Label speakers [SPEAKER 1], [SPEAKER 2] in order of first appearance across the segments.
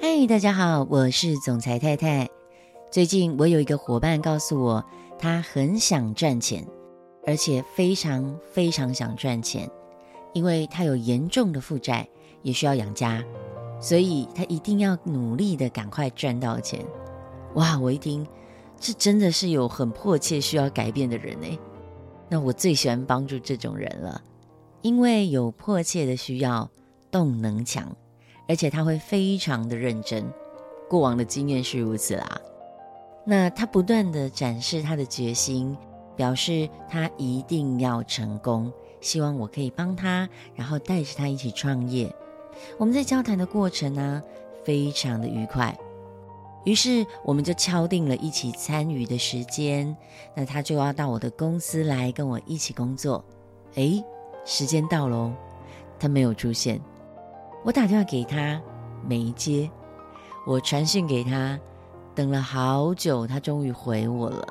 [SPEAKER 1] 嗨，大家好，我是總裁太太。最近我有一個夥伴告訴我，他很想賺錢，而且非常非常想賺錢，因為他有嚴重的負債，也需要養家，所以他一定要努力的趕快賺到錢。哇，我一聽。這真的是有很迫切需要改變的人哎，那我最喜歡幫助這種人了，因為有迫切的需要，動能強，而且他會非常的認真，過往的經驗是如此啦。那他不斷的展示他的決心，表示他一定要成功，希望我可以幫他，然後帶着他一起創業。我們在交談的過程呢，啊，非常的愉快。於是我們就敲定了一起參與的時間，那他就要到我的公司來跟我一起工作。誒，時間到了哦，他沒有出現。我打電話給他，沒接。我傳訊給他，等了好久，他終於回我了。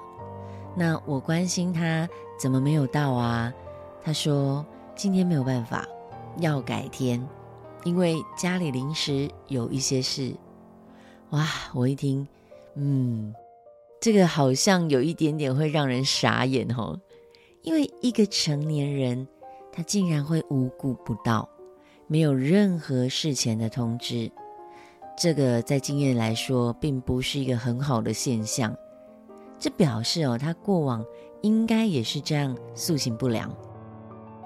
[SPEAKER 1] 那我關心他怎麼沒有到啊？他說今天沒有辦法，要改天，因為家裡臨時有一些事。哇，我一聽，嗯，這個好像有一點點會讓人傻眼哦，因為一個成年人他竟然會無故不到，沒有任何事前的通知，這個在經驗來說並不是一個很好的現象，這表示哦，他過往應該也是這樣素行不良。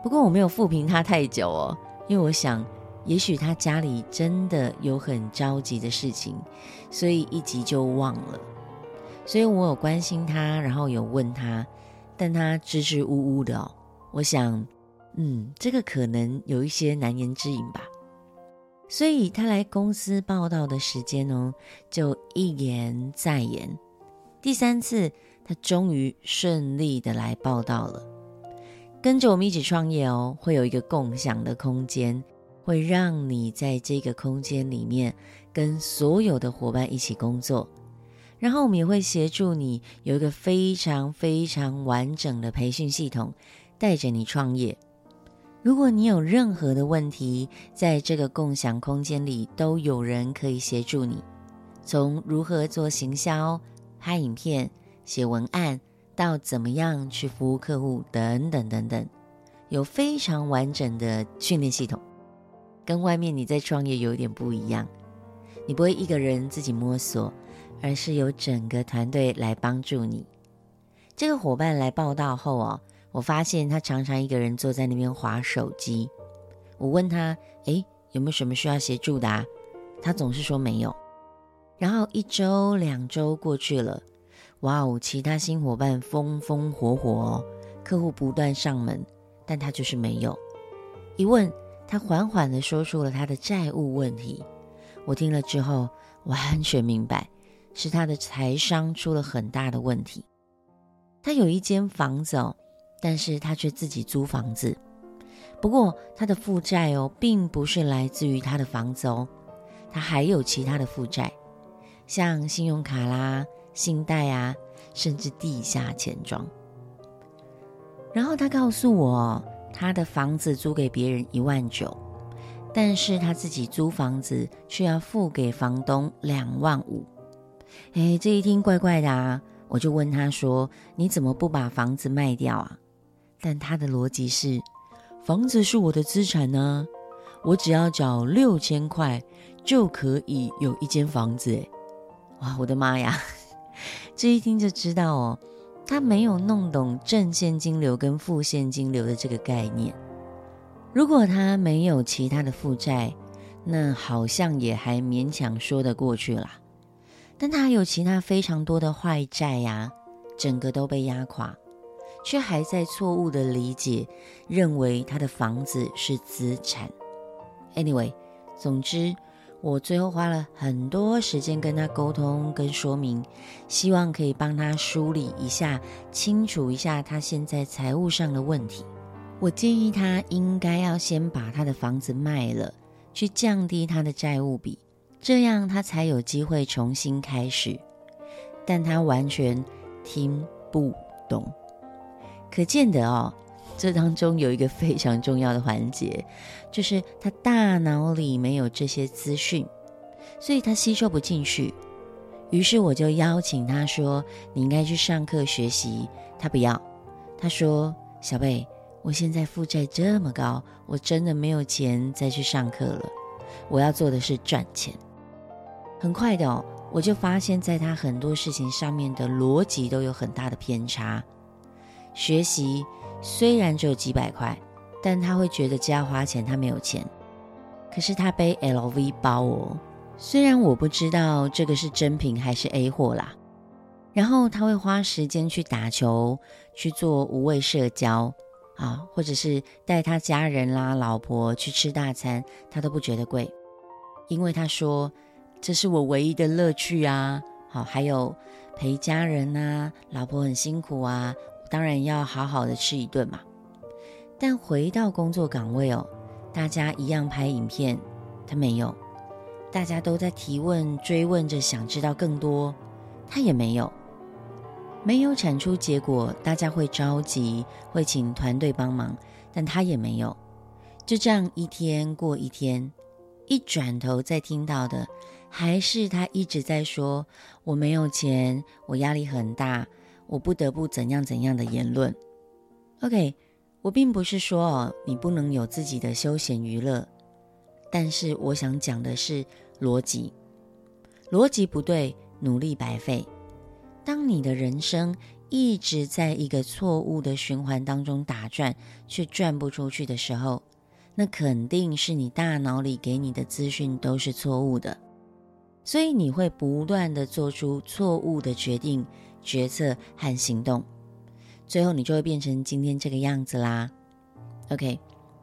[SPEAKER 1] 不過我沒有負評他太久哦，因為我想。也許他家裡真的有很着急的事情，所以一急就忘了。所以我有關心他，然後有問他，但他支支吾吾的哦。我想，嗯，這個可能有一些難言之隱吧。所以他來公司報到的時間哦，就一延再延。第三次，他終於順利的來報到了。跟着我們一起創業哦，會有一個共享的空間。會讓你在這個空間裡面跟所有的夥伴一起工作，然後我們也會協助你有一個非常非常完整的培訓系統，帶着你創業。如果你有任何的問題，在這個共享空間裡都有人可以協助你，從如何做行銷、拍影片、寫文案，到怎麼樣去服務客戶等等等等，有非常完整的訓練系統。跟外面你在創業有點不一樣，你不會一個人自己摸索，而是有整個團隊來幫助你。這個伙伴來報到後哦，我發現他常常一個人坐在那邊滑手機。我問他：“誒，有沒有什麼需要協助的啊？”他總是說沒有。然後一周、兩周過去了，哇哦，其他新伙伴風風火火哦，客戶不斷上門，但他就是沒有。一問。他緩緩地說出了他的債務問題，我聽了之後完全明白，是他的財商出了很大的問題。他有一間房子哦，但是他卻自己租房子。不過他的負債哦，並不是來自於他的房子哦，他還有其他的負債，像信用卡啦、信貸啊，甚至地下錢莊。然後他告訴我。他的房子租給別人一萬九，但是他自己租房子卻要付給房東兩萬五。誒、哎、這一聽怪怪的啊！我就問他說：“你怎麼不把房子賣掉啊？”但他的邏輯是：房子是我的資產呢、啊，我只要繳六千塊就可以有一間房子。誒，哇，我的媽呀！這一聽就知道哦。他沒有弄懂正現金流跟負現金流的這個概念。如果他沒有其他的負債，那好像也還勉強說得過去啦。但他有其他非常多的壞債呀、啊，整個都被壓垮，卻還在錯誤的理解，認為他的房子是資產。Anyway，總之。我最後花了很多時間跟他溝通跟說明，希望可以幫他梳理一下、清楚一下他現在財務上的問題。我建議他應該要先把他的房子賣了，去降低他的債務比，這樣他才有機會重新開始。但他完全聽不懂，可見得哦。這當中有一個非常重要的環節，就是他大腦裡沒有這些資訊，所以他吸收不進去。於是我就邀請他說：“你應該去上課學習。”他不要，他說：“小貝，我現在負債這麼高，我真的沒有錢再去上課了。我要做的是賺錢。”很快的哦，我就發現在他很多事情上面的邏輯都有很大的偏差，學習。雖然只有幾百塊，但他會覺得只要花錢，他沒有錢。可是他背 LV 包哦，雖然我不知道這個是真品還是 A 貨啦。然後他會花時間去打球，去做無謂社交啊，或者是帶他家人啦、老婆去吃大餐，他都不覺得貴，因為他說這是我唯一的樂趣啊。好，啊，還有陪家人啊，老婆很辛苦啊。當然要好好的吃一頓嘛，但回到工作崗位哦，大家一樣拍影片，他沒有；大家都在提問、追問着，想知道更多，他也沒有；沒有產出結果，大家會着急，會請團隊幫忙，但他也沒有。就這樣一天過一天，一轉頭再聽到的，還是他一直在說：“我沒有錢，我壓力很大。”我不得不怎樣怎樣的言論。OK，我並不是說哦，你不能有自己的休閒娛樂，但是我想講的是邏輯，邏輯不對，努力白費。當你的人生一直在一個錯誤的循環當中打轉，卻轉不出去的時候，那肯定是你大腦裡給你的資訊都是錯誤的，所以你會不斷的做出錯誤的決定。決策和行動，最後你就會變成今天這個樣子啦。OK，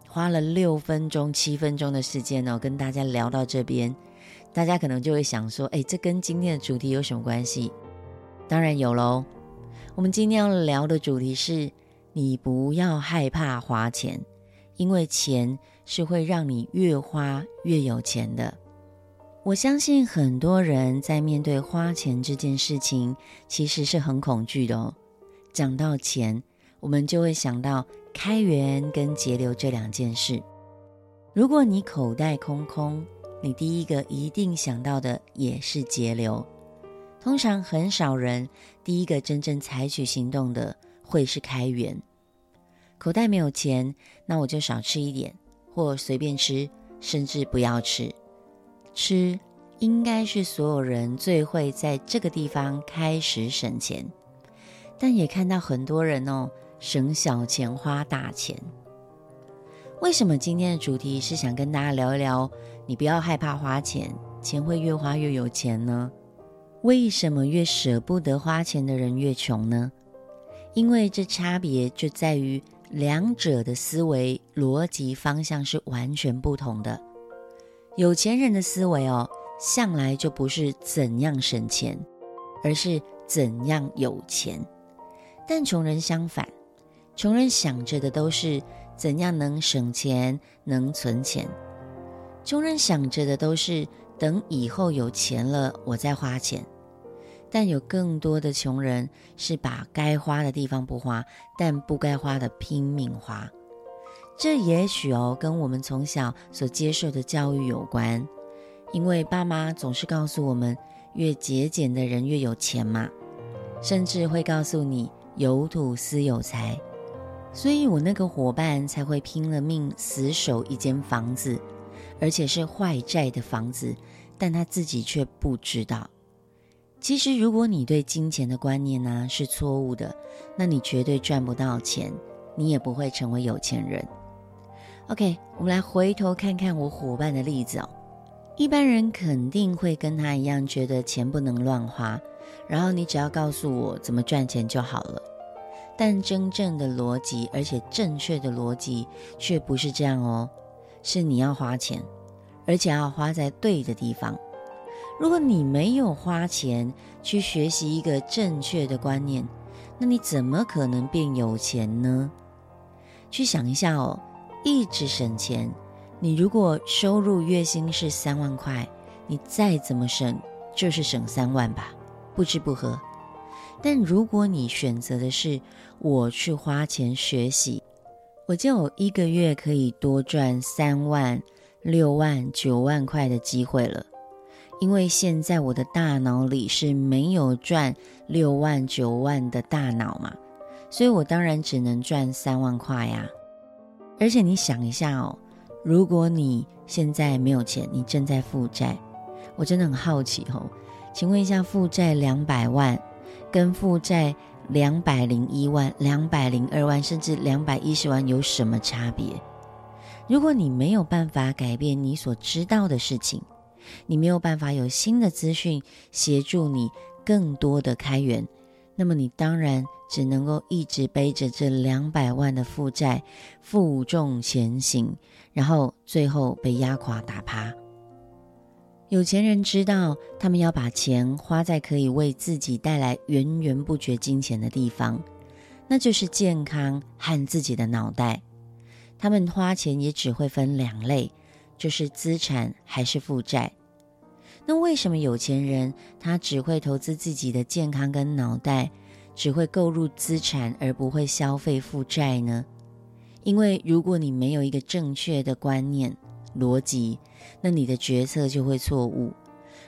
[SPEAKER 1] 花了六分鐘、七分鐘的時間哦，跟大家聊到這邊，大家可能就會想說：哎，這跟今天的主題有什麼關係？當然有咯。我們今天要聊的主題是：你不要害怕花錢，因為錢是會讓你越花越有錢的。我相信很多人在面對花錢這件事情，其實是很恐懼的哦。講到錢，我們就會想到開源跟節流這兩件事。如果你口袋空空，你第一個一定想到的也是節流。通常很少人第一個真正採取行動的會是開源。口袋沒有錢，那我就少吃一點，或隨便吃，甚至不要吃。吃，應該是所有人最會在這個地方開始省錢，但也看到很多人哦，省小錢花大錢。為什麼今天的主題是想跟大家聊一聊，你不要害怕花錢，錢會越花越有錢呢？為什麼越捨不得花錢的人越窮呢？因為這差別就在於兩者的思維邏輯方向是完全不同的。有錢人的思維哦，向來就不是怎樣省錢，而是怎樣有錢。但窮人相反，窮人想着的都是怎樣能省錢、能存錢。窮人想着的都是等以後有錢了，我再花錢。但有更多的窮人是把該花的地方不花，但不該花的拼命花。這也許哦，跟我們從小所接受的教育有關，因為爸媽總是告訴我們，越節儉的人越有錢嘛，甚至會告訴你有土斯有財，所以我那個伙伴才會拼了命死守一間房子，而且是壞債的房子，但他自己卻不知道。其實，如果你對金錢的觀念呢、啊、是錯誤的，那你絕對賺不到錢，你也不會成為有錢人。OK，我們來回頭看看我夥伴的例子哦。一般人肯定會跟他一樣，覺得錢不能亂花，然後你只要告訴我怎麼賺錢就好了。但真正的邏輯，而且正確的邏輯，卻不是這樣哦。是你要花錢，而且要花在對的地方。如果你沒有花錢去學習一個正確的觀念，那你怎麼可能變有錢呢？去想一下哦。一直省錢，你如果收入月薪是三萬塊，你再怎麼省就是省三萬吧，不吃不喝。但如果你選擇的是我去花錢學習，我就有一個月可以多賺三萬、六萬、九萬塊的機會了。因為現在我的大腦裡是沒有賺六萬、九萬的大腦嘛，所以我當然只能賺三萬塊呀。而且你想一下哦，如果你現在沒有錢，你正在負債，我真的很好奇吼、哦，請問一下，負債兩百萬，跟負債兩百零一萬、兩百零二萬，甚至兩百一十萬有什麼差別？如果你沒有辦法改變你所知道的事情，你沒有辦法有新的資訊協助你更多的開源，那麼你當然只能夠一直背着這兩百萬的負債負重前行，然後最後被壓垮打趴。有錢人知道，他們要把錢花在可以為自己帶來源源不絕金錢的地方，那就是健康和自己的腦袋。他們花錢也只會分兩類，就是資產還是負債。那為什麼有錢人他只會投資自己的健康跟腦袋，只會購入資產而不會消費負債呢？因為如果你沒有一個正確的觀念邏輯，那你的決策就會錯誤。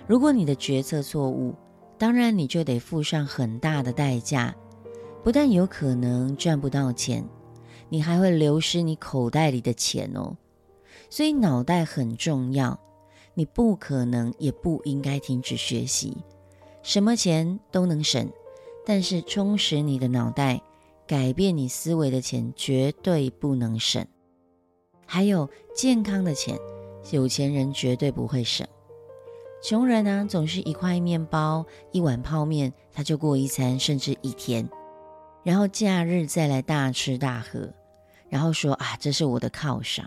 [SPEAKER 1] 如果你的決策錯誤，當然你就得付上很大的代價，不但有可能賺不到錢，你還會流失你口袋裡的錢哦。所以腦袋很重要。你不可能，也不應該停止學習。什麼錢都能省，但是充實你的腦袋、改變你思維的錢絕對不能省。還有健康的錢，有錢人絕對不會省。窮人呢、啊，總是一塊麵包、一碗泡麵，他就過一餐，甚至一天。然後假日再來大吃大喝，然後說啊，這是我的犒賞。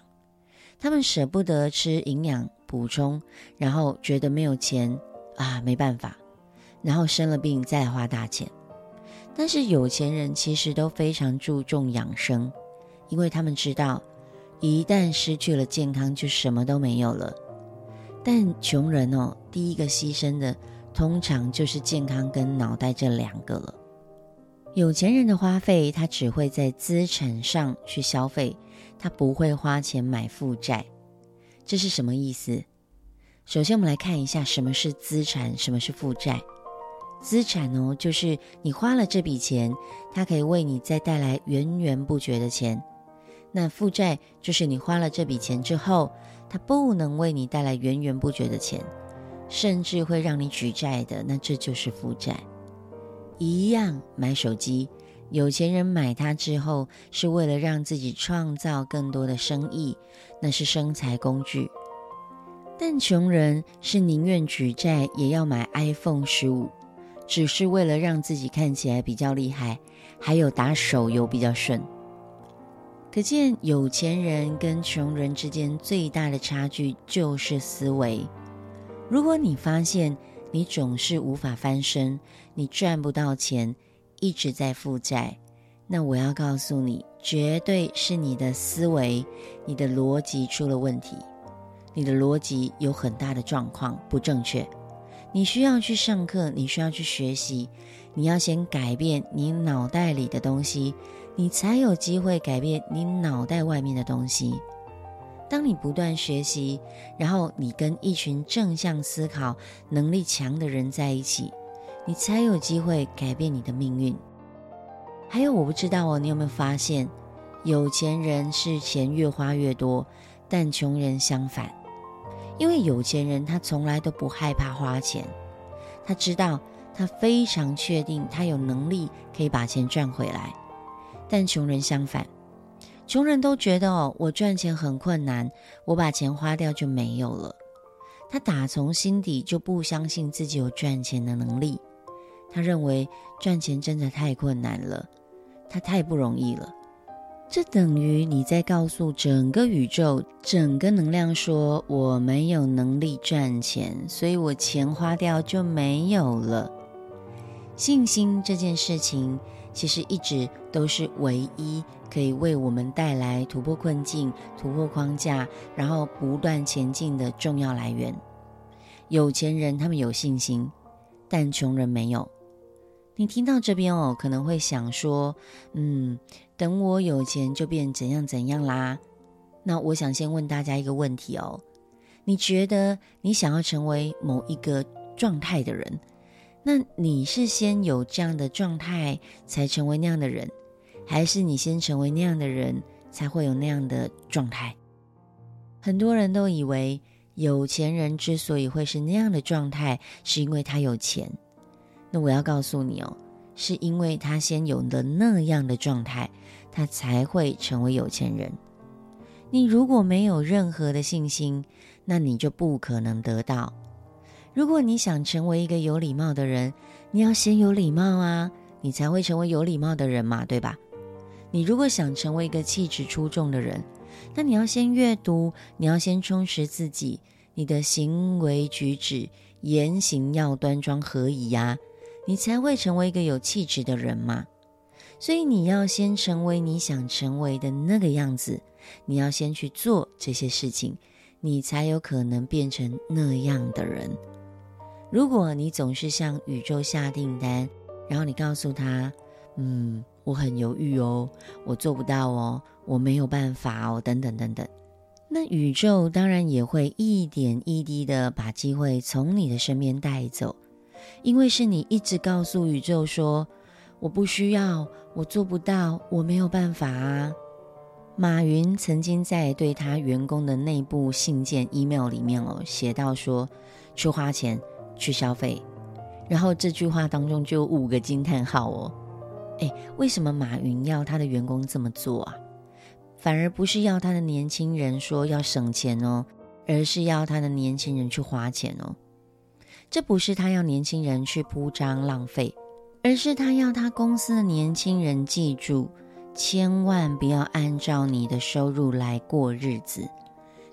[SPEAKER 1] 他們捨不得吃營養。補充，然後覺得沒有錢啊，沒辦法，然後生了病再花大錢。但是有錢人其實都非常注重養生，因為他們知道，一旦失去了健康，就什麼都沒有了。但窮人哦，第一個犧牲的通常就是健康跟腦袋這兩個了。有錢人的花費，他只會在資產上去消費，他不會花錢買負債。這是什麼意思？首先，我們來看一下什麼是資產，什麼是負債。資產哦，就是你花了這筆錢，它可以為你再帶來源源不絕的錢。那負債就是你花了這筆錢之後，它不能為你帶來源源不絕的錢，甚至會讓你舉債的。那這就是負債。一樣買手機。有錢人買它之後，是為了讓自己創造更多的生意，那是生財工具。但窮人是寧願舉債也要買 iPhone 十五，只是為了讓自己看起來比較厲害，還有打手遊比較順。可見有錢人跟窮人之間最大的差距就是思維。如果你發現你總是無法翻身，你賺不到錢。一直在負債，那我要告訴你，絕對是你的思維、你的邏輯出了問題，你的邏輯有很大的狀況不正確。你需要去上課，你需要去學習，你要先改變你腦袋裡的東西，你才有機會改變你腦袋外面的東西。當你不斷學習，然後你跟一群正向思考能力強的人在一起。你才有機會改變你的命運。還有，我不知道哦，你有沒有發現，有錢人是錢越花越多，但窮人相反。因為有錢人他從來都不害怕花錢，他知道他非常確定他有能力可以把錢賺回來。但窮人相反，窮人都覺得哦，我賺錢很困難，我把錢花掉就沒有了。他打從心底就不相信自己有賺錢的能力。他認為賺錢真的太困難了，他太不容易了。這等於你在告訴整個宇宙、整個能量說：“我沒有能力賺錢，所以我錢花掉就沒有了。”信心這件事情其實一直都是唯一可以為我們帶來突破困境、突破框架，然後不斷前進的重要來源。有錢人他們有信心，但窮人沒有。你聽到這邊哦，可能會想說，嗯，等我有錢就變怎樣怎樣啦。那我想先問大家一個問題哦，你覺得你想要成為某一個狀態的人，那你是先有這樣的狀態才成為那樣的人，還是你先成為那樣的人才會有那樣的狀態？很多人都以為有錢人之所以會是那樣的狀態，是因為他有錢。我要告訴你哦，是因為他先有了那樣的狀態，他才會成為有錢人。你如果沒有任何的信心，那你就不可能得到。如果你想成為一個有禮貌的人，你要先有禮貌啊，你才會成為有禮貌的人嘛，對吧？你如果想成為一個氣質出眾的人，那你要先閱讀，你要先充實自己，你的行為舉止言行要端莊合宜，啊，合宜呀？你才會成為一個有氣質的人嘛？所以你要先成為你想成為的那個樣子，你要先去做這些事情，你才有可能變成那樣的人。如果你總是向宇宙下訂單，然後你告訴他：“嗯，我很猶豫哦，我做不到哦，我沒有辦法哦，等等等等。”那宇宙當然也會一點一滴的把機會從你的身邊帶走。因為是你一直告訴宇宙說，我不需要，我做不到，我沒有辦法啊。馬雲曾經在對他員工的內部信件 email 裡面哦，寫到說，去花錢，去消費。然後這句話當中就有五個驚嘆號哦。哎，為什麼馬雲要他的員工這麼做啊？反而不是要他的年輕人說要省錢哦，而是要他的年輕人去花錢哦。這不是他要年輕人去鋪張浪費，而是他要他公司的年輕人記住，千萬不要按照你的收入來過日子，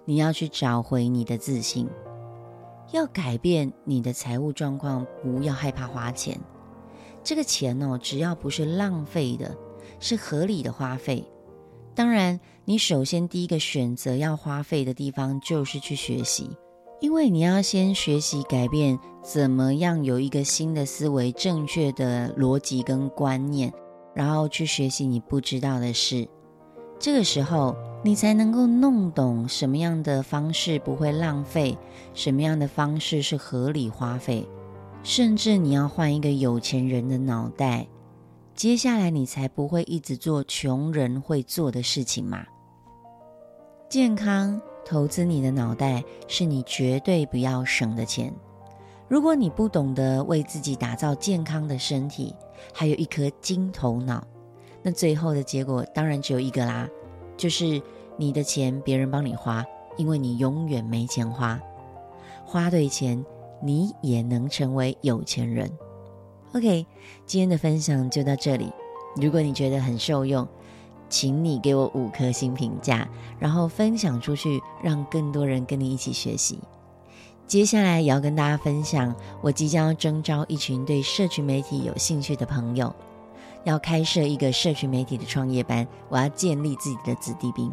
[SPEAKER 1] 你要去找回你的自信，要改變你的財務狀況，不要害怕花錢。這個錢哦，只要不是浪費的，是合理的花費。當然，你首先第一個選擇要花費的地方就是去學習。因為你要先學習改變，怎麼樣有一個新的思維、正確的邏輯跟觀念，然後去學習你不知道的事。這個時候，你才能夠弄懂什麼樣的方式不會浪費，什麼樣的方式是合理花費。甚至你要換一個有錢人的腦袋，接下來你才不會一直做窮人會做的事情嘛。健康。投資你的腦袋，是你絕對不要省的錢。如果你不懂得為自己打造健康的身體，還有一顆金頭腦，那最後的結果當然只有一個啦，就是你的錢別人幫你花，因為你永遠沒錢花。花對錢，你也能成為有錢人。OK，今天的分享就到這裡。如果你覺得很受用，請你給我五顆星評價，然後分享出去，讓更多人跟你一起學習。接下來也要跟大家分享，我即將要徵召一群對社群媒體有興趣的朋友，要開設一個社群媒體的創業班。我要建立自己的子弟兵。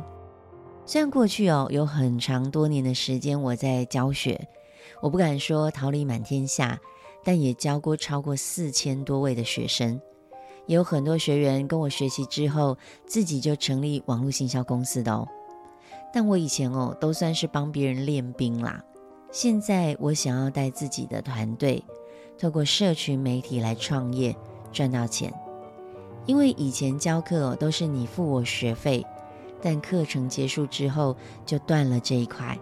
[SPEAKER 1] 雖然過去哦，有很長多年的時間我在教學，我不敢說桃李滿天下，但也教過超過四千多位的學生。也有很多學員跟我學習之後，自己就成立網絡行銷公司的哦。但我以前哦，都算是幫別人練兵啦。現在我想要帶自己的團隊，透過社群媒體來創業賺到錢。因為以前教課哦，都是你付我學費，但課程結束之後就斷了這一塊。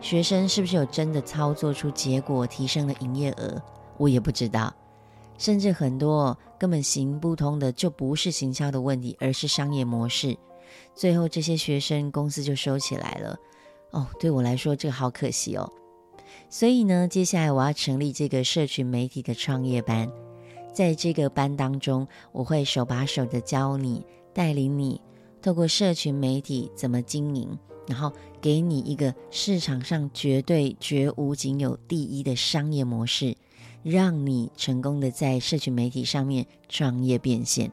[SPEAKER 1] 學生是不是有真的操作出結果，提升了營業額，我也不知道。甚至很多根本行不通的，就不是行銷的問題，而是商業模式。最後這些學生公司就收起來了。哦，對我來說這個好可惜哦。所以呢，接下來我要成立這個社群媒體的創業班，在這個班當中，我會手把手的教你，帶領你透過社群媒體怎麼經營，然後給你一個市場上絕對絕無僅有第一的商業模式。讓你成功的在社群媒體上面創業變現。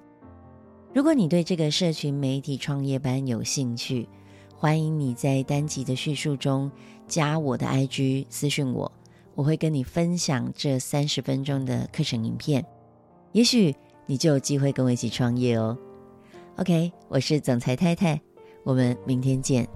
[SPEAKER 1] 如果你對這個社群媒體創業班有興趣，歡迎你在單集的敘述中加我的 IG 私訊我，我會跟你分享這三十分鐘的課程影片。也許你就有機會跟我一起創業哦。OK，我是總裁太太，我們明天見。